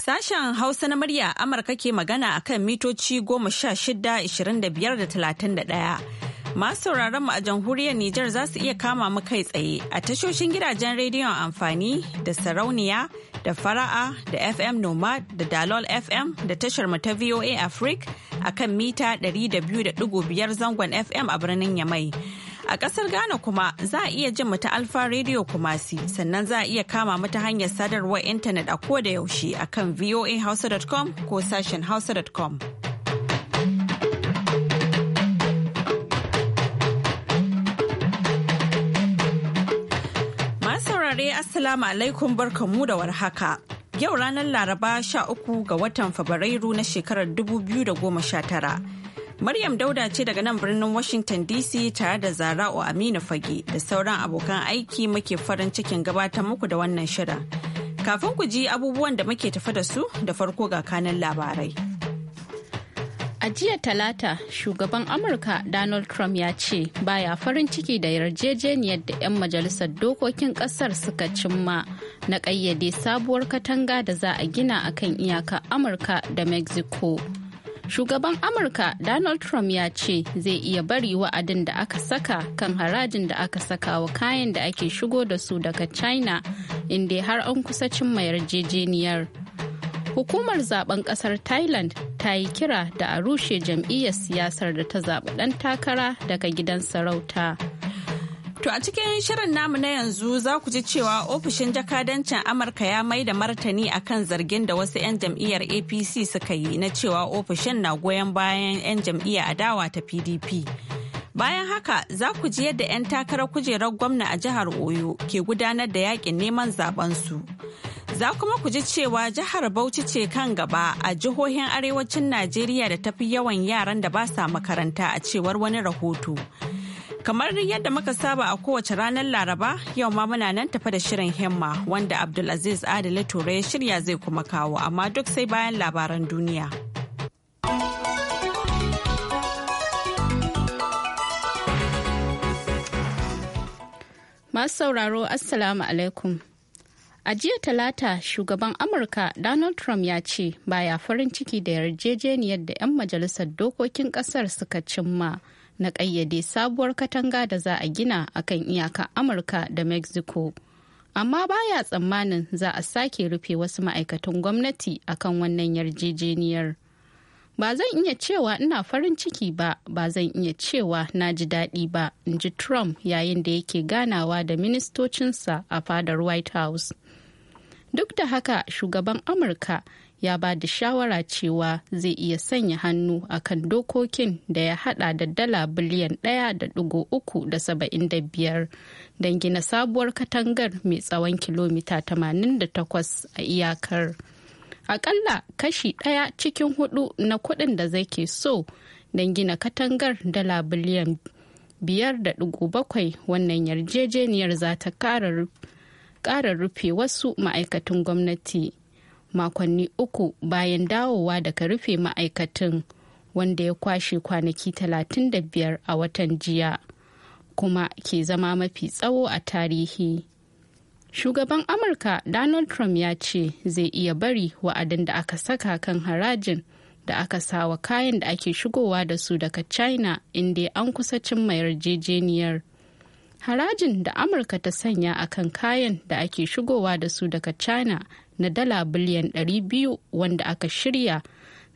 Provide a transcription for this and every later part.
Sashen Hausa na murya Amurka ke magana a kan mitoci goma sha shida, ishirin da biyar da Masu sauraron mu a jamhuriyar Nijar za su iya kama mu kai tsaye a tashoshin gidajen rediyon amfani da sarauniya da fara'a da FM Nomad da Dalol FM da tashar mu ta VOA Africa a kan mita 200.5 zangon FM a birnin Yamai. A ƙasar Ghana kuma za a iya jin mu ta Alfa Radio Kumasi sannan za a iya kama mu ta hanyar sadarwar intanet a ko da yaushe a kan voahausa.com ko sashen hausa.com. masaurare Assalamu alaikum barkamu da warhaka. Yau ranar Laraba 13 ga watan Fabrairu na shekarar 2019. Maryam Dauda ce daga nan birnin Washington DC tare da Zara'u Aminu Fage da sauran abokan aiki muke farin cikin gabatar muku da wannan shirin. Kafin ku ji abubuwan da muke tafi da su da farko ga kanin labarai. A jiya Talata, shugaban Amurka Donald Trump ya ce baya farin ciki da yarjejeniyar da 'yan majalisar dokokin kasar suka cimma na kayyade sabuwar katanga da za a gina akan iyaka Amurka da Mexico. shugaban amurka donald trump ya ce zai iya bari wa'adin da aka saka kan harajin da aka saka wa kayan da ake shigo da su daga china inda har an kusa cimma yarjejeniyar hukumar zaben kasar thailand ta yi kira da a rushe jam'iyyar siyasar da ta zaɓi ɗan takara daga gidan sarauta. To a cikin shirin namu na yanzu za ku ji cewa ofishin jakadancin Amurka ya mai da martani a kan zargin da wasu 'yan jam'iyyar APC suka yi na cewa ofishin na goyon bayan 'yan jam'iyyar adawa ta PDP. Bayan haka za ku ji yadda 'yan takarar kujerar gwamna a jihar Oyo ke gudanar da yakin neman su. Za kuma ku ji cewa jihar Bauchi ce kan gaba a jihohin arewacin Najeriya da tafi yawan yaran da ba sa makaranta a cewar wani rahoto. Kamar yadda muka saba a kowace ranar Laraba, yau ma muna nan tafa da shirin himma wanda Abdulaziz adala Ture ya shirya zai kuma kawo amma duk sai bayan labaran duniya. Masu sauraro, Assalamu alaikum. A jiya talata shugaban Amurka Donald Trump ya ce baya farin ciki da yarjejeniyar da 'yan majalisar dokokin kasar suka cimma. na ƙayyade sabuwar katanga da za a gina akan iyaka amurka da mexico amma baya tsammanin za a sake rufe wasu ma'aikatan gwamnati akan wannan yarjejeniyar ba zan iya cewa ina farin ciki ba ba zan iya cewa na ji daɗi ba in ji trump yayin da yake ganawa da ministocinsa a fadar white house duk da haka shugaban amurka ya ba da shawara cewa zai iya sanya hannu a kan dokokin da ya hada da dala biliyan da da uku saba'in 1.375 don gina sabuwar katangar mai tsawon kilomita 88 a iyakar. Akalla kashi ɗaya cikin hudu na kuɗin da zai ke so don gina katangar dala biliyan biyar da 5.7 wannan yarjejeniyar za ta ƙara rufe wasu ma'aikatan gwamnati. makonni uku bayan dawowa daga rufe ma'aikatan wanda ya kwashe kwanaki 35 a watan jiya kuma ke zama mafi tsawo a tarihi shugaban amurka donald trump ya ce zai iya bari wa'adin da aka saka kan harajin da aka sawa kayan da ake shigowa da su daga china inda an kusa cimma yarjejeniyar harajin da amurka ta sanya akan kayan da ake shigowa da su daga china na dala biliyan 200 wanda aka shirya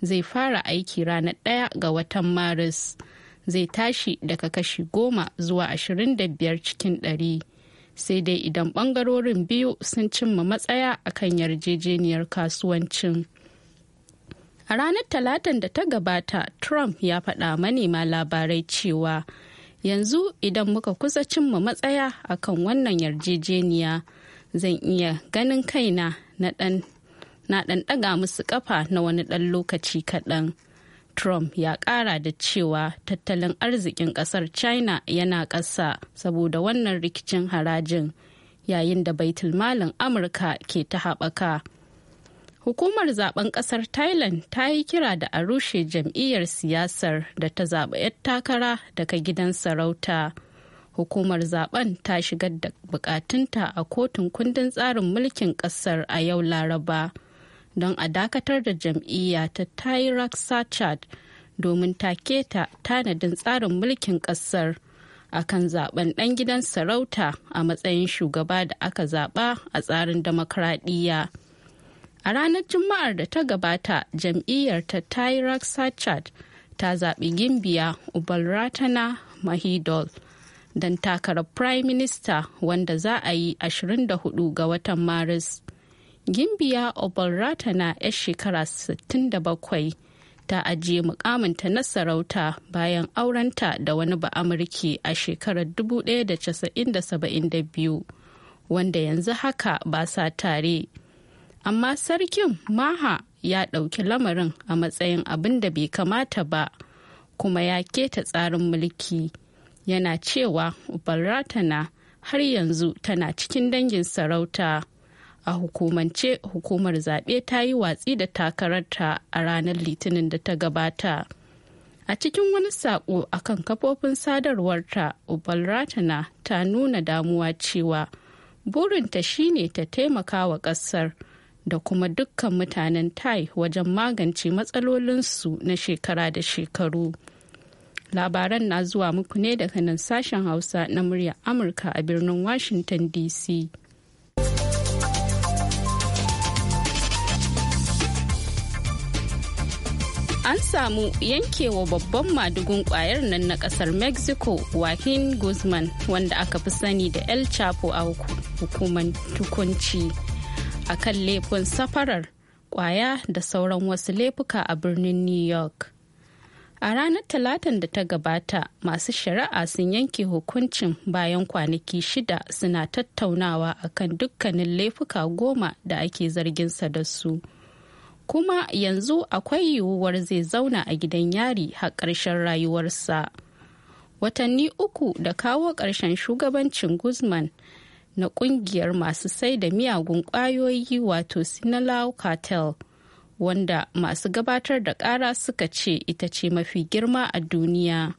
zai fara aiki ranar ɗaya ga watan maris zai tashi daga kashi goma zuwa 25 cikin 100 sai dai idan bangarorin biyu sun cimma matsaya akan yarjejeniyar kasuwancin. A ranar Talatin da ta gabata, Trump ya faɗa manema labarai cewa yanzu idan muka kusa cimma matsaya akan wannan yarjejeniya zan iya ganin kaina na ɗan ɗaga musu kafa na wani ɗan lokaci kaɗan. Trump ya ƙara da cewa tattalin arzikin ƙasar China yana ƙasa saboda wannan rikicin harajin yayin da malin Amurka ke ta haɓaka. Hukumar zaben ƙasar Thailand ta yi kira da a rushe jam'iyyar siyasar da ta zaɓa 'yar takara daga gidan sarauta. hukumar zaben ta shigar da bukatunta a kotun kundin tsarin mulkin kasar a yau laraba don a dakatar da jam'iyya ta tyrak sachad domin ta keta tanadin tsarin mulkin kasar a kan zaben dan gidan sarauta a matsayin shugaba da aka zaba a tsarin demokradiyya a ranar juma'ar da ta gabata jam'iyyar ta tyrak sachad ta zaɓi gimbiya ubal ratana mahidol don takarar prime minister wanda za a yi 24 ga watan maris gimbiya na 'yar shekara 67 ta ajiye mukaminta na sarauta bayan aurenta da wani ba'amurki a shekarar 1972 wanda yanzu haka ba sa tare amma sarkin maha ya ɗauki lamarin a matsayin abin da bai kamata ba kuma ya keta tsarin mulki. yana cewa baratana har yanzu tana cikin dangin sarauta a hukumance hukumar zaɓe ta yi watsi da takararta a ranar litinin da ta gabata a cikin wani saƙo a kan kafofin sadarwarta ubalratana ta nuna damuwa cewa burinta shine ta taimaka wa ƙasar da kuma dukkan mutanen tai wajen magance matsalolinsu na shekara da shekaru. labaran na zuwa muku ne daga nan sashen hausa na murya amurka a birnin washington dc an samu yankewa babban madugun kwayar nan na kasar mexico wahin guzman wanda aka fi sani da el chapo a hukumar tukunci a kan laifin safarar kwaya da sauran wasu laifuka a birnin new york a ranar talatan da ta gabata masu shari'a sun yanke hukuncin bayan kwanaki shida suna tattaunawa akan dukkanin laifuka goma da ake zarginsa da su kuma yanzu akwai yiwuwar zai zauna a gidan yari har ƙarshen rayuwarsa watanni uku da kawo ƙarshen shugabancin guzman na ƙungiyar masu sai da miyagun ƙwayoyi wato Sinalau cartel wanda masu gabatar da ƙara suka ce ita ce mafi girma a duniya.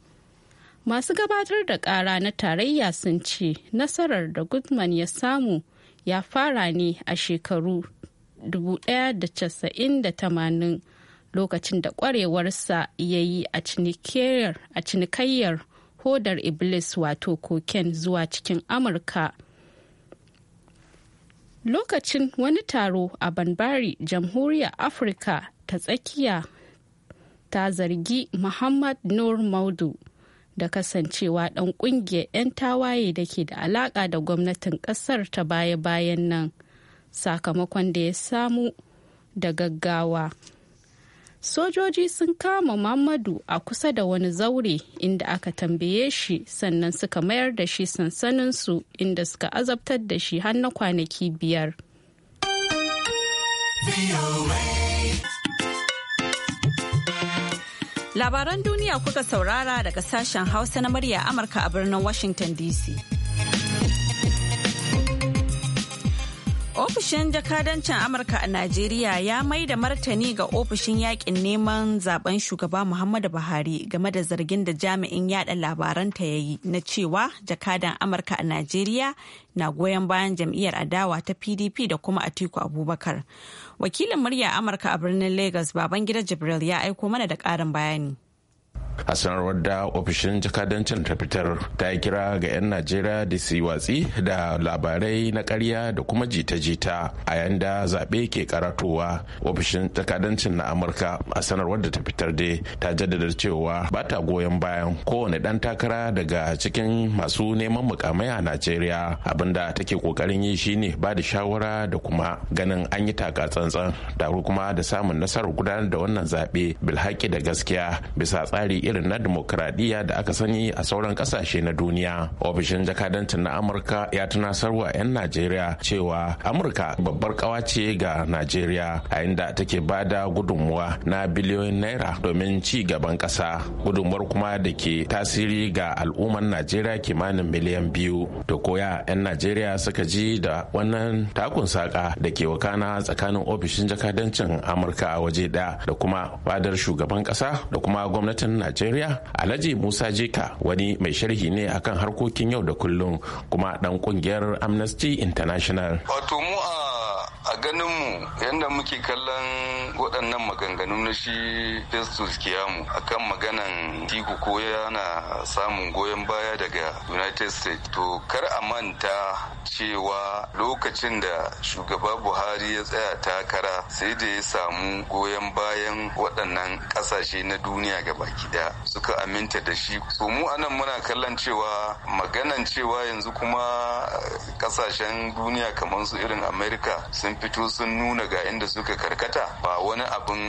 Masu gabatar da ƙara na tarayya sun ce nasarar da Goodman ya samu ya fara ne a shekaru 1980 lokacin da ƙwarewarsa ya yi a cinikayyar hodar Iblis wato koken zuwa cikin Amurka. lokacin wani taro a banbari jamhuriyar afirka ta tsakiya ta zargi muhammad nur maudu da kasancewa ɗan ƙungiyar 'yan tawaye da ke da alaka da gwamnatin kasar ta baya-bayan nan sakamakon da ya samu da gaggawa sojoji sun kama mamadu a kusa da wani zaure inda aka tambaye shi sannan suka mayar da shi sansaninsu inda suka azabtar da shi har na kwanaki biyar labaran duniya kuka saurara daga sashen hausa na murya amurka a birnin washington dc Ofishin jakadancin Amurka a Najeriya ya mai da martani ga ofishin yakin neman zaben shugaba Muhammadu Buhari game da zargin da jami'in yada labaranta ya yi na cewa jakadan Amurka a Najeriya na goyon bayan jam'iyyar adawa ta PDP da kuma Atiku Abubakar. Wakilin murya Amurka a birnin Lagos Babangida Jibril ya aiko mana da ƙarin bayani. a sanarwar da ofishin jakadancin ta fitar ta yi kira ga 'yan najeriya da su watsi da labarai na karya da kuma jita-jita a yayin da zaɓe ke karatowa ofishin jakadancin na amurka a sanarwar da ta fitar dai ta jaddada cewa ba ta goyon bayan kowane ɗan takara daga cikin masu neman mukamai a najeriya Abin abinda take kokarin yi shine ba da shawara da kuma ganin an yi taka tsantsan da kuma da samun nasarar gudanar da wannan zaɓe bilhaki da gaskiya bisa tsari irin na demokradiyya da aka sani a sauran kasashe na duniya ofishin jakadancin na amurka ya tunasarwa 'yan najeriya cewa amurka babbar kawa ce ga najeriya a inda take ba da gudunmuwa na biliyoyin naira domin ci gaban ƙasa gudunmuwar kuma da ke tasiri ga al'ummar najeriya kimanin miliyan biyu to koya 'yan najeriya suka ji da wannan takun saka da ke wakana tsakanin ofishin jakadancin amurka a waje ɗaya da kuma fadar shugaban ƙasa da kuma gwamnatin najeriya Najeriya Alhaji Musa Jika wani mai sharhi ne akan harkokin yau da kullum kuma dan kungiyar Amnesty International. Wato mu a ganin mu yadda muke kallon waɗannan maganganu na shi festus kiyamu akan maganan tiku ko yana samun goyon baya daga united states to kar a manta cewa lokacin da shugaba buhari ya tsaya takara sai da ya samu goyon bayan waɗannan ƙasashe na duniya gabaki ɗaya suka aminta da shi to mu anan muna kallon cewa maganan cewa yanzu kuma eh, kasashen duniya kamar su irin amerika sun fito sun nuna ga inda suka karkata ba wani abin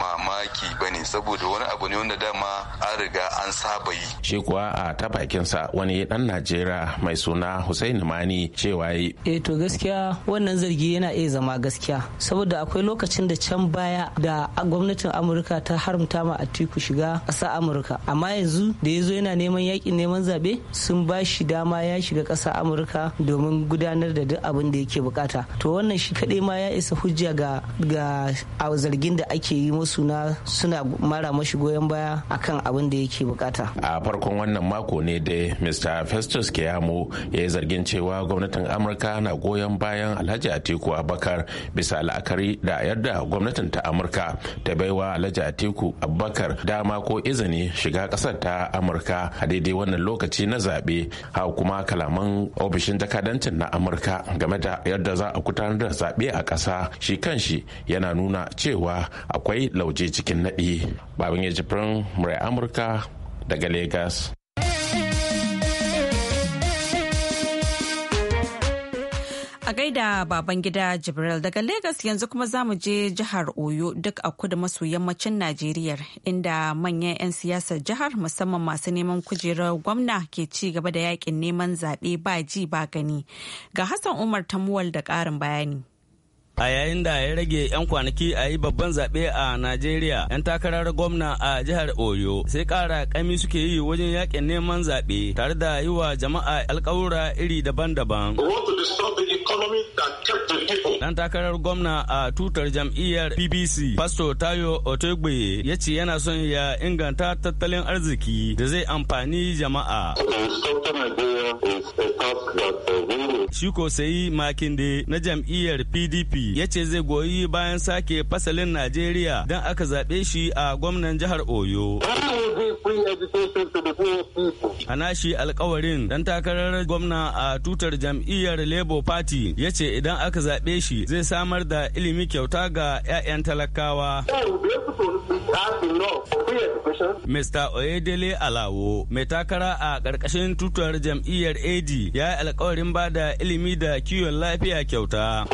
mamaki ba ne saboda wani abu ne wanda dama an riga an saba yi shi kuwa a ta bakinsa wani dan najeriya mai suna hussein mani cewa yi e eh, to gaskiya wannan zargi yana iya zama gaskiya saboda akwai lokacin da can baya da gwamnatin amurka ta haramta ma atiku shiga ƙasa amurka amma yanzu da ya zo yana neman yakin neman zaɓe sun ba shi dama ya shiga ƙasa amurka domin gudanar da duk abin da yake bukata to wannan shi kaɗai ma ya isa hujja ga ga zargin da ake yi musu na suna mara mashi goyon baya akan abin da yake bukata a farkon wannan mako ne dai mr festus keyamo ya yi zargin cewa gwamnatin amurka na goyon bayan alhaji atiku abakar bisa la'akari da yadda gwamnatin ta amurka ta baiwa alhaji atiku abakar dama ko izini shiga kasar ta amurka a daidai wannan lokaci na zaɓe ha kuma kalaman ofishin jakadancin na amurka game da yadda za a gudanar da zaɓe a ƙasa shi kanshi yana nuna cewa akwai lauje cikin naɗi babin ya jifin murai amurka daga lagos A gaida baban gida Jibril daga Legas yanzu kuma za mu je jihar Oyo duk a kudu maso yammacin Najeriya inda manyan 'yan siyasar jihar musamman masu neman kujerar gwamna ke ci gaba da yakin neman zaɓe ba ji ba gani. Ga Hassan Umar Tamuwal da ƙarin bayani. a yayin da ya rage 'yan kwanaki a yi babban zaɓe a najeriya 'yan takarar gwamna a jihar oyo sai ƙara ƙami suke yi wajen yakin neman zaɓe tare da yi wa jama'a alƙawura iri daban-daban Dan takarar gwamna a tutar jam'iyyar BBC, Pastor Tayo Otegbe ya ce yana son ya inganta tattalin arziki da zai amfani jama'a. ko Sayi Makinde na jam'iyyar PDP ya ce zai goyi bayan sake fasalin Najeriya don aka zaɓe shi a gwamnan jihar Oyo. A nashi alkawarin dan takarar gwamna a tutar jam'iyyar Labour Party ya ce idan aka zaɓe shi zai samar da ilimi kyauta ga 'ya'yan talakawa. Mr. Oyedele Alawo, mai takara a ƙarƙashin tutar jam'iyyar AD ya yi alƙawarin ba da ilimi da kiwon lafiya kyauta.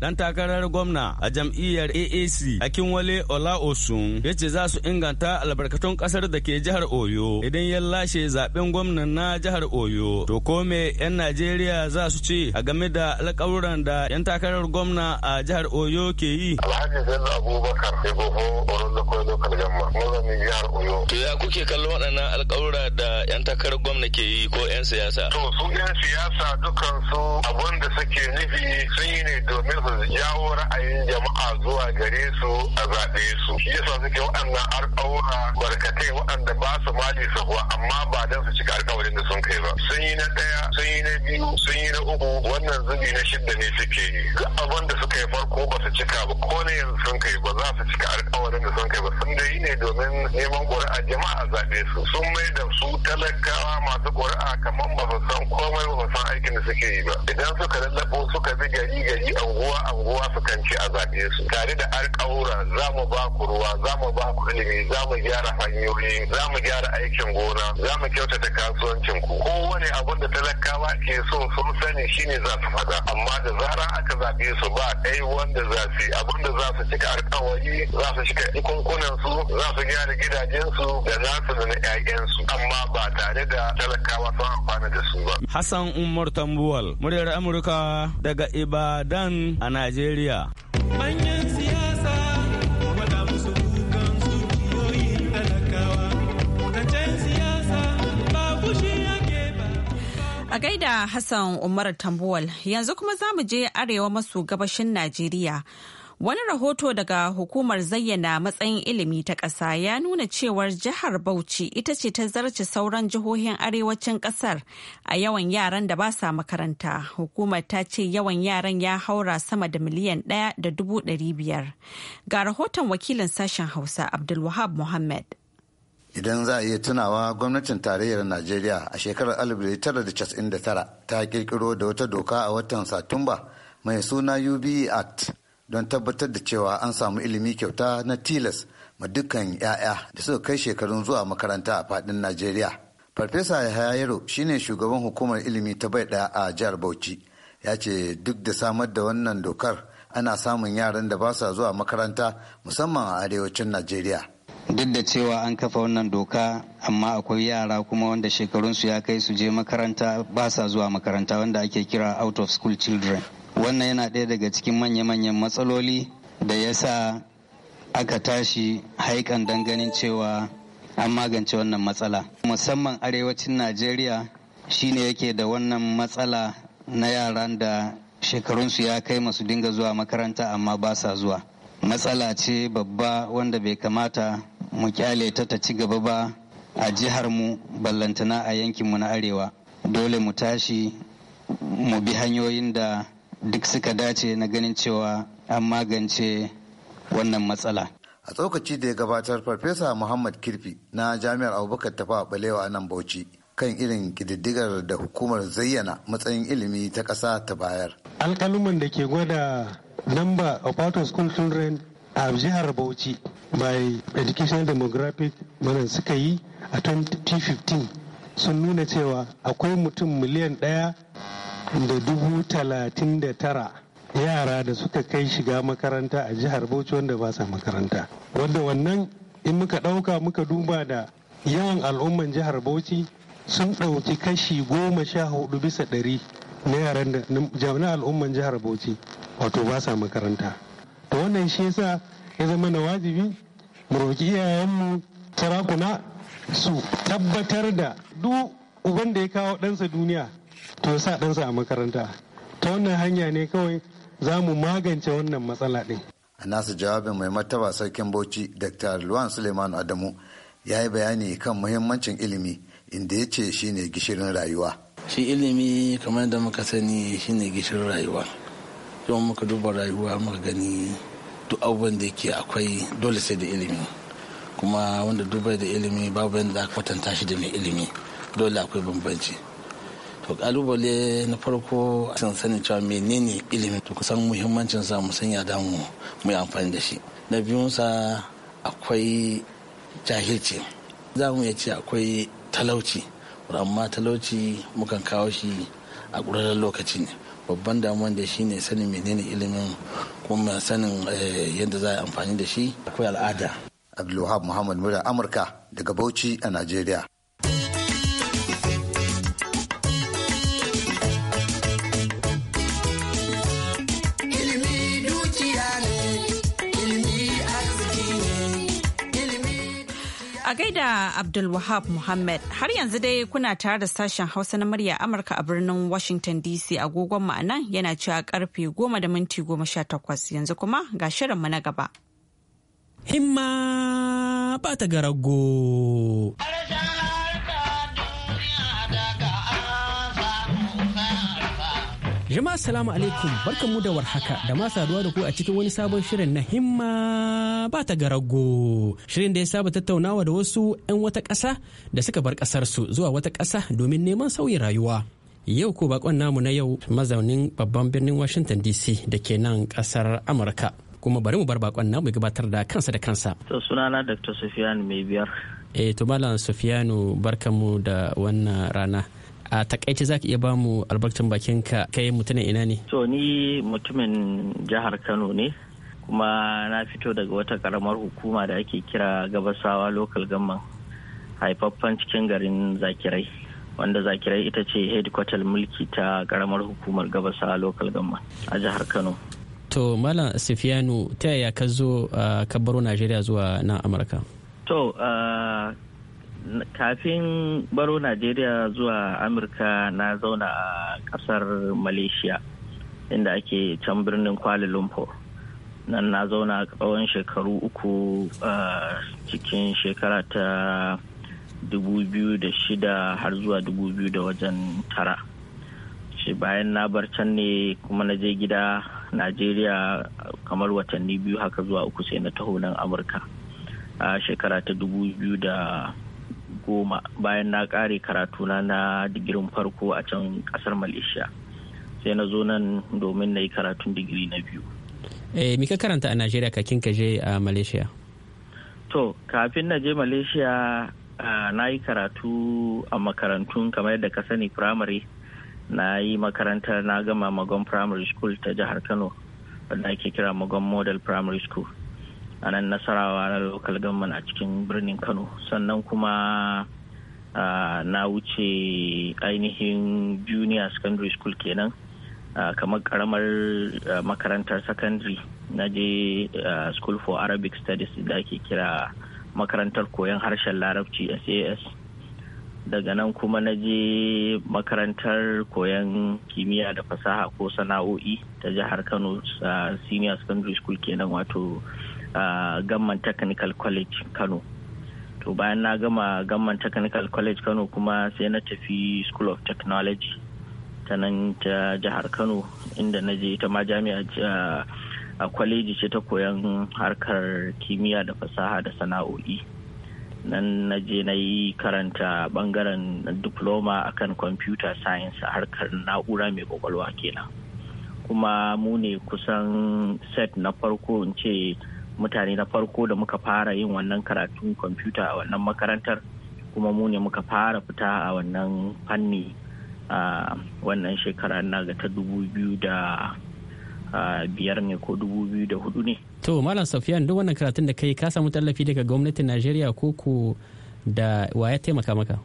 Dan takarar gwamna a jam'iyyar AAC Ola Osun ya ce za su inganta albarkatun ƙasar da ke jihar Oyo idan ya lashe zaɓen gwamnan na jihar Oyo. To ko me 'yan Najeriya za za su ce a game da alƙawuran da 'yan takarar gwamna a jihar Oyo ke yi. Alhaji Bello Abubakar sai gofo Oron da Koyo Lokal Gamma mazamin jihar Oyo. To ya kuke kallon waɗannan alƙawura da 'yan takarar gwamna ke yi ko 'yan siyasa? To su 'yan siyasa dukan su abin da suke nufi sun yi ne domin su jawo ra'ayin jama'a zuwa gare su a zaɓe su. Shi yasa suke waɗannan alƙawura barkatai waɗanda ba su mali su amma ba don su cika alƙawarin da sun kai ba. Sun yi na ɗaya, sun yi na biyu, sun yi na uku wannan zubi na shidda ne suke yi duk abin da suka yi farko ba su cika ba ko ne yanzu sun kai ba za su cika alkawarin da sun kai ba sun da yi ne domin neman ƙuri'a jama'a zaɓe su sun mai da su talakawa masu ƙuri'a kamar ba su san komai ba san aikin da suke yi ba idan suka lallabo suka bi gari gari anguwa anguwa su kan ci a zaɓe su tare da alkawura za mu ba ku ruwa za mu ilimi za mu gyara hanyoyi za mu gyara aikin gona za mu kyautata kasuwancin ku kowane abun da talakawa ke so sun sani shine za su fada amma da zara aka zaɓe su ba ɗai wanda za su abun da za su cika alkawari za su cika ikunkunan su za su gyara gidajen su da nasu da na 'ya'yansu amma ba tare da talakawa sun amfana da su ba. Hassan Umar Tambuwal, muryar Amurka daga Ibadan a Najeriya. Manyan siyasa A gaida Hassan Umar Tambuwal yanzu kuma za mu je arewa maso gabashin Najeriya. Wani rahoto daga hukumar zayyana matsayin ilimi ta ƙasa ya nuna cewar jihar Bauchi ita ce ta zarce sauran jihohin arewacin ƙasar a yawan yaran da ba sa makaranta. Hukumar ta ce yawan yaran ya haura sama da miliyan ɗaya da dubu ɗari biyar. Ga rahoton wakilin sashen Hausa Abdulwahab Muhammad. idan za a iya tunawa gwamnatin tarayyar najeriya a shekarar 1999 ta kirkiro da wata doka a watan satumba mai suna ube act don tabbatar da cewa an samu ilimi kyauta na tilas ma dukkan 'ya'ya da suka kai shekarun zuwa makaranta a fadin najeriya farfesa yahaya yaro shine shugaban hukumar ilimi ta bai daya a jihar bauchi ya ce duk da samar da wannan dokar ana samun yaran da ba sa zuwa makaranta musamman a arewacin najeriya duk da cewa an kafa wannan doka amma akwai yara kuma wanda shekarunsu ya kai su je makaranta ba sa zuwa makaranta wanda ake kira out of school children wannan yana ɗaya daga cikin manya-manyan matsaloli da ya sa aka tashi haikan ganin cewa an magance wannan matsala musamman arewacin najeriya shine yake da wannan matsala na yaran da shekarunsu ya kai masu dinga zuwa makaranta amma ba sa zuwa matsala ce babba wanda bai kamata mu kyale ta ta ci gaba ba a jihar mu ballantana a yankin mu na arewa dole mu tashi mu bi hanyoyin da duk suka dace na ganin cewa an magance wannan matsala a tsokaci da ya gabatar farfesa muhammad kirfi na jami'ar abubakar tafa balewa a nan bauchi kan irin kididdigar da hukumar zayyana matsayin ilimi ta ƙasa ta bayar alkaluman da ke gwada lamba of school children a jihar bauchi by educational demographic mana suka yi a 2015 sun nuna cewa akwai mutum miliyan ɗaya da dubu talatin da tara yara da suka kai shiga makaranta a jihar bauchi wanda ba sa makaranta wanda wannan in muka ɗauka muka duba da yawan al'umman jihar bauchi sun ɗauki kashi goma sha hudu bisa ɗari na yaran da jami'an al'umman jihar bauchi wato ba sa makaranta to wannan shi yasa ya zama na wajibi mu roƙi iyayenmu sarakuna su tabbatar da duk uban da ya kawo ɗansa duniya to ya sa ɗansa a makaranta ta wannan hanya ne kawai za mu magance wannan matsala ɗin. a nasu jawabin mai martaba sarkin bauchi dr luwan suleiman adamu ya yi bayani kan muhimmancin ilimi inda ya ce shine gishirin rayuwa shi ilimi kamar da muka sani shine gishirin rayuwa yawan muka duba rayuwa muka gani duk abubuwan da yake akwai dole sai da ilimi kuma wanda dubai da ilimi babu yadda za ka kwatanta shi da mai ilimi dole akwai bambanci to kalubale na farko san sanin cewa menene ilimi to kusan muhimmancin sa mu sanya da mu yi amfani da shi na biyun sa akwai jahilci za mu iya ce akwai talauci amma talauci mukan kawo shi a ƙurarren lokaci ne babban damuwan da shine sanin menene ilimin kuma sanin eh, yadda za a amfani da shi akwai al'ada abdulwahab muhammad mura amurka daga bauchi a najeriya a gaida Abdulwahab Muhammad har yanzu dai kuna tare da sashen Hausa na murya Amurka a birnin Washington DC agogon ma'ana yana cewa karfe goma da minti goma sha takwas yanzu kuma ga shirin mu na gaba. Himma ba ta garago. Jama'a salamu alaikum barkanmu da warhaka da ma saduwa da ku a cikin wani sabon shirin na himma ba ta garago. Shirin da ya saba tattaunawa da wasu 'yan wata ƙasa da suka bar ƙasar su zuwa wata ƙasa domin neman sauyin rayuwa. Yau ko bakon namu na yau mazaunin babban birnin Washington DC da ke nan ƙasar Amurka. Kuma bari mu bar bakon namu gabatar da kansa da kansa. To sunana Dr. Sufiyanu mai biyar. Eh to Malam Sufiyanu barkanmu da wannan rana. a takaice za ka iya bamu albarkacin bakin ka kai mutumin ina ne to ni mutumin jihar kano ne kuma na fito daga wata karamar hukuma da ake kira gabasawa local gamman haifaffan cikin garin zakirai wanda zakirai ita ce headquarter mulki ta karamar hukumar gabasawa local gamman a jihar kano to malam sifiyanu ta yaya ka zo ah, ka baro najeriya zuwa nan amurka to ah, kafin baro najeriya zuwa amurka na zauna a kasar malaysia inda ake can birnin kuala lumpur nan na zauna a tsawon shekaru uku cikin shekara ta 2006 har zuwa 2000 wajen tara shi bayan na bar can ne kuma na je gida najeriya kamar watanni biyu haka zuwa uku sai na taho nan amurka a shekara ta goma bayan na ƙare karatu na digirin farko a can kasar malaysia sai na zo nan domin na yi karatun digiri na biyu eh mika karanta a najeriya kakin ka je a ah, malaysia to kafin na je malaysia ah, na yi karatu a makarantun kamar yadda ka sani primary na yi makarantar na gama magon primary school ta jihar kano wadda ake kira magon model primary school a nan nasarawa na local government a cikin birnin kano sannan kuma na wuce ainihin junior secondary school kenan kamar karamar makarantar secondary na je school for arabic studies da ake kira makarantar koyon harshen larabci sas daga nan kuma na je makarantar koyon kimiyya da fasaha ko sana'o'i ta jihar kano senior secondary school kenan wato a gamman technical college kano to bayan na gama gamman technical college kano kuma sai na tafi school of technology ta nan ta jihar kano inda na je ita ma jami'a a kwaleji ce ta koyan harkar kimiyya da fasaha da sana'o'i nan na je na yi karanta bangaren diploma akan computer science harkar na'ura mai kwakwalwa kenan kuma mu ne kusan set na farko in ce mutane na farko da muka fara yin wannan karatun kwamfuta a wannan makarantar kuma mu ne muka fara fita a wannan fanni a wannan shekara na ga ta dubu biyu da biyar ne ko dubu biyu da hudu ne to malam safiyan duk wannan karatun da kai ka samu tallafi daga gwamnatin najeriya ko ko da wa ya taimaka maka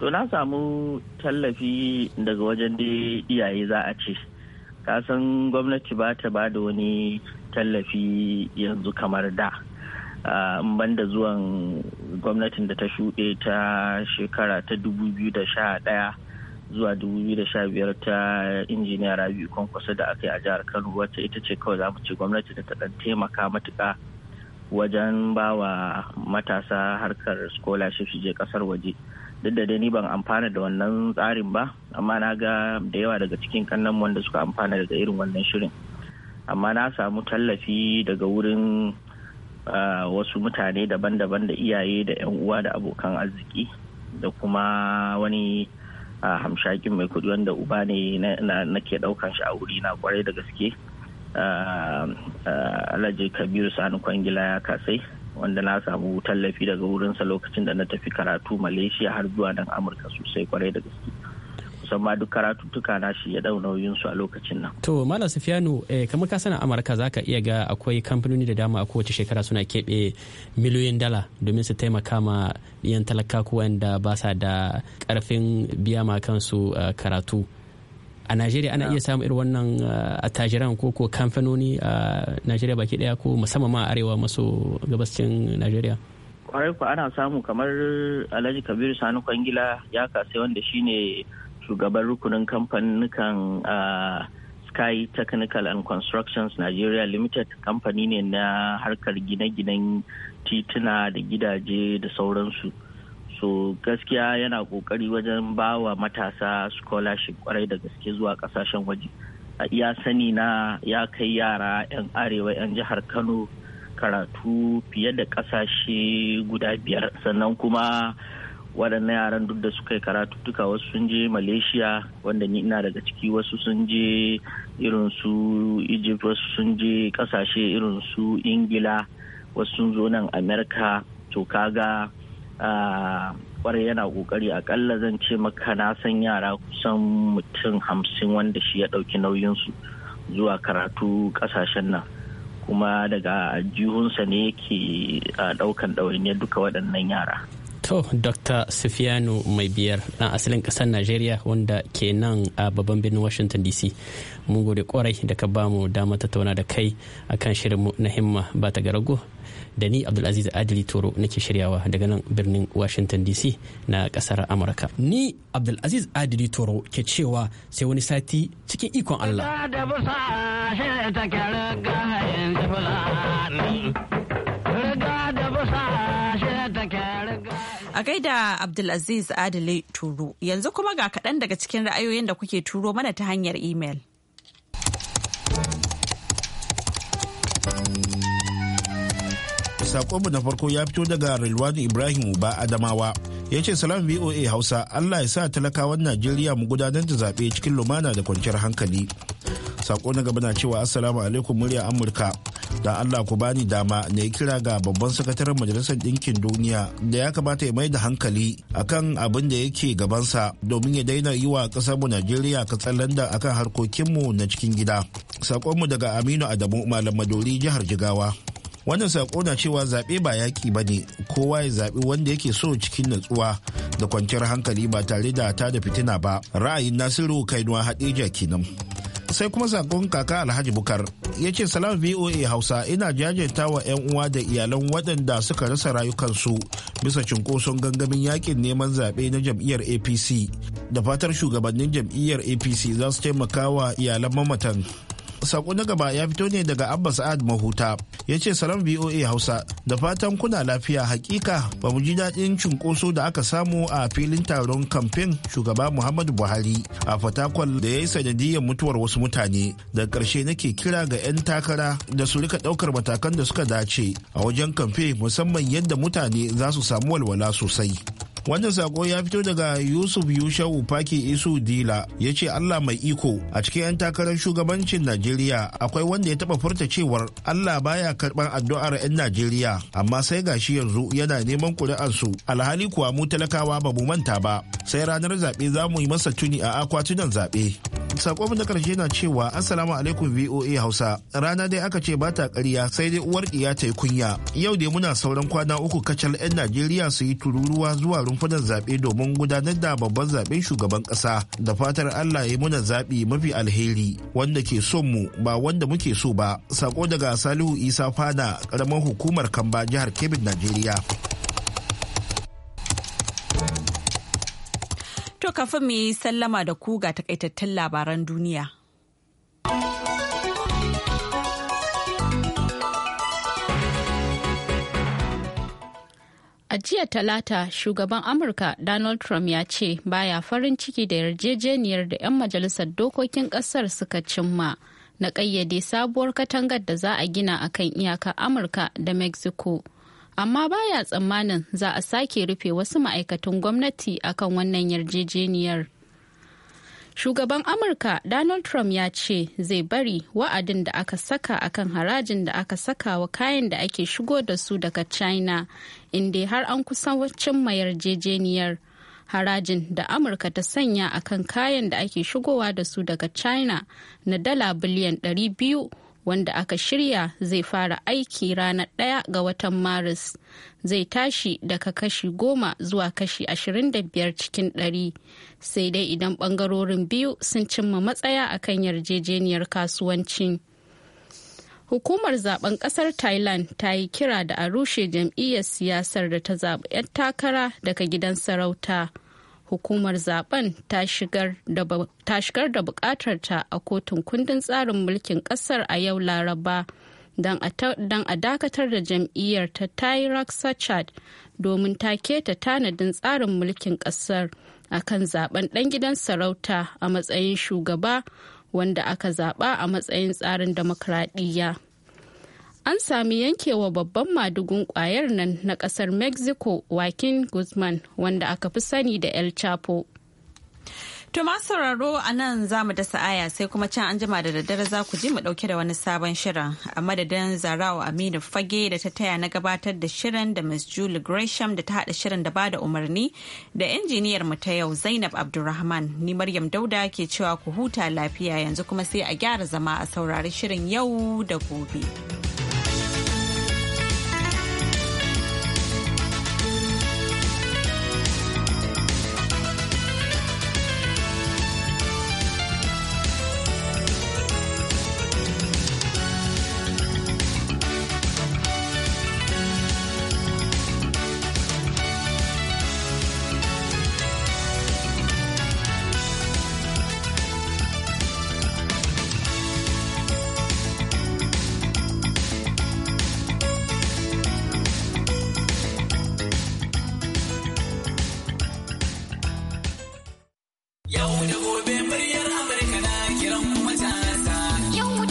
to na samu tallafi daga wajen da iyaye za a ce kasan gwamnati ba ta ba da wani tallafi yanzu kamar da in banda zuwan gwamnatin da ta shuɗe ta shekara ta 2011 zuwa 2015 ta injiniya rabi kwankwasa da aka yi a jihar kano wacce ita ce kawai za mu ce gwamnati da ta ɗan taimaka matuƙa wajen bawa matasa harkar scholarship su je ƙasar waje. duk da ni ban amfana da wannan tsarin ba amma na ga da yawa daga cikin kannan wanda suka amfana daga irin wannan shirin amma na samu tallafi daga wurin wasu mutane daban-daban da iyaye da 'yan uwa da abokan arziki da kuma wani hamshakin mai kudi wanda uba ne nake daukan shi a wuri na kwarai da gaske alhaji kabiru sani kwangila ya kasai wanda na samu tallafi daga wurinsa lokacin da na tafi karatu malaysia har zuwa nan amurka sosai kwarai da gaske kusan ma duk karatuttuka na shi ya dau nauyin su a lokacin nan to malam sufiyanu eh, kamar ka sana amurka zaka iya ga akwai kamfanoni da dama a kowace shekara suna keɓe miliyoyin dala domin su taimaka ma yan talaka wanda ba sa da karfin biya ma kansu eh, karatu a najeriya ana iya samun irin wannan uh, attajiran ko ko kamfanoni a najeriya baki daya ko musamman ma arewa maso gabascin najeriya kwarai ku ana samu kamar alhaji kabiru sani kwangila ya kasai wanda shine shugaban rukunin kamfanukan uh, sky technical and constructions nigeria limited kamfani ne na harkar gine-ginen tituna da gidaje da sauransu so gaskiya yana kokari wajen bawa matasa scholarship kwarai da gaske zuwa kasashen waje ya sani na ya kai yara 'yan arewa 'yan jihar kano karatu fiye da kasashe guda biyar sannan kuma waɗannan yaran duk da suka yi karatu duka wasu sun je malaysia wanda ni ina daga ciki wasu sun je irin su egypt wasu sun je kasashe irin su ingila wasu sun zo nan america to kaga kwarai yana kokari akalla zan ce maka na san yara kusan mutum hamsin wanda shi ya ɗauki nauyinsu zuwa karatu kasashen nan kuma daga jihunsa ne yake ɗaukan ɗawainiyar duka waɗannan yara. To, Dr. Sufiyanu mai biyar ɗan asalin ƙasar nigeria wanda ke nan a babban birnin Washington DC. Mun gode kwarai da ka bamu damar tattauna da kai akan shirinmu na himma ba ta garago da ni abdulaziz adili toro nake shiryawa daga nan birnin washington dc na kasar amurka ni abdulaziz adili toro ke cewa sai wani sati cikin ikon allah A gaida Abdulaziz Adile turu yanzu kuma ga kaɗan daga cikin ra'ayoyin da kuke turo mana ta hanyar imel. sakonmu na farko ya fito daga Rilwanu Ibrahim ba Adamawa. Ya ce salam VOA Hausa Allah ya sa talakawan Najeriya mu gudanar da zaɓe cikin lumana da kwanciyar hankali. Sako na gaba na cewa Assalamu alaikum murya Amurka. Dan Allah ku bani dama na yi kira ga babban sakataren Majalisar Ɗinkin Duniya da ya kamata ya mai da hankali akan abin da yake gabansa domin ya daina yi wa mu Najeriya katsalanda akan harkokinmu na cikin gida. Sakonmu daga Aminu Adamu Malam Madori jihar Jigawa. wannan sako na cewa zaɓe ba yaƙi ba ne kowa ya zaɓi wanda yake so cikin natsuwa da kwanciyar hankali ba tare da ta da fitina ba ra'ayin nasiru kainuwa haɗeja kenan sai kuma sakon kaka alhaji bukar ya ce salam voa hausa ina jajanta wa 'yan uwa da iyalan waɗanda suka rasa rayukansu bisa cunkoson gangamin yakin neman zaɓe na jam'iyyar apc da fatar shugabannin jam'iyyar apc za su taimaka wa iyalan mamatan sako na gaba ya fito ne daga abba sa'ad mahuta ya ce salam voa hausa da fatan kuna lafiya hakika ba mu ji daɗin cunkoso da aka samu a filin taron kamfen shugaba muhammadu buhari a fatakwal da ya yi sanadiyar mutuwar wasu mutane da ƙarshe nake kira ga 'yan takara da su rika ɗaukar matakan da suka dace a wajen kamfe musamman yadda mutane za su samu walwala sosai wannan sako ya fito daga yusuf yushau faki isu dila ya ce allah mai iko a cikin 'yan takarar shugabancin najeriya akwai wanda ya taba furta cewar allah baya karban addu'ar 'yan najeriya amma sai gashi yanzu yana neman su alhali kuwa mu talakawa ba mu manta ba sai ranar zaɓe za mu yi masa tuni a akwatunan zaɓe sakon na karshe na cewa assalamu alaikum voa hausa rana dai aka ce bata karya sai dai uwar ɗiya ta yi kunya yau dai muna sauran kwana uku kacal 'yan najeriya su yi tururuwa zuwa rumfunan zaɓe domin gudanar da babban zaɓen shugaban ƙasa da fatar allah ya muna zaɓi mafi alheri wanda ke son mu ba wanda muke so ba sako daga salihu isa fana ƙaramin hukumar kamba jihar kebbi najeriya To kafin mu yi sallama da ku ga takaitattun labaran duniya. A jiya Talata, shugaban Amurka Donald Trump ya ce baya farin ciki da yarjejeniyar da 'yan majalisar dokokin kasar suka cimma na ƙayyade sabuwar katangar da za a gina akan iyaka iyakar Amurka da Mexico. amma baya tsammanin za a sake rufe wasu ma'aikatan gwamnati akan wannan yarjejeniyar. Shugaban Amurka Donald Trump ya ce zai bari wa'adin da aka saka akan harajin da aka saka wa kayan da ake shigo da su daga China, inda har an kusan cimma yarjejeniyar. harajin da amurka ta sanya akan kayan da ake shigowa da su daga china na dala biliyan 200 wanda aka shirya zai fara aiki ranar ɗaya ga watan maris zai tashi daga kashi goma zuwa kashi ashirin da biyar cikin ɗari sai dai idan ɓangarorin biyu sun cimma matsaya a kan yarjejeniyar kasuwanci hukumar zaben ƙasar thailand ta yi kira da a rushe jam'iyyar siyasar da ta zaɓi 'yan takara daga gidan sarauta hukumar zaben ta shigar da bukatarta a kotun kundin tsarin mulkin kasar a yau laraba don a dakatar da jam'iyyar ta tyrak sachad domin ta keta tanadin tsarin mulkin kasar kan zaben dan gidan sarauta a matsayin shugaba wanda aka zaba a matsayin tsarin demokradiyya. an sami yankewa babban madugun kwayar nan na kasar mexico wakin guzman wanda aka fi sani da el chapo To sauraro a nan za mu dasa aya sai kuma can an jima da daddare za ku ji mu dauke da wani sabon shirin a madadin zarawa aminu fage da ta taya na gabatar da shirin da miss julie gresham da ta hada shirin da ba da umarni da injiniyar mu ta yau zainab abdulrahman ni maryam dauda ke cewa ku huta lafiya yanzu kuma sai a gyara zama a saurari shirin yau da gobe.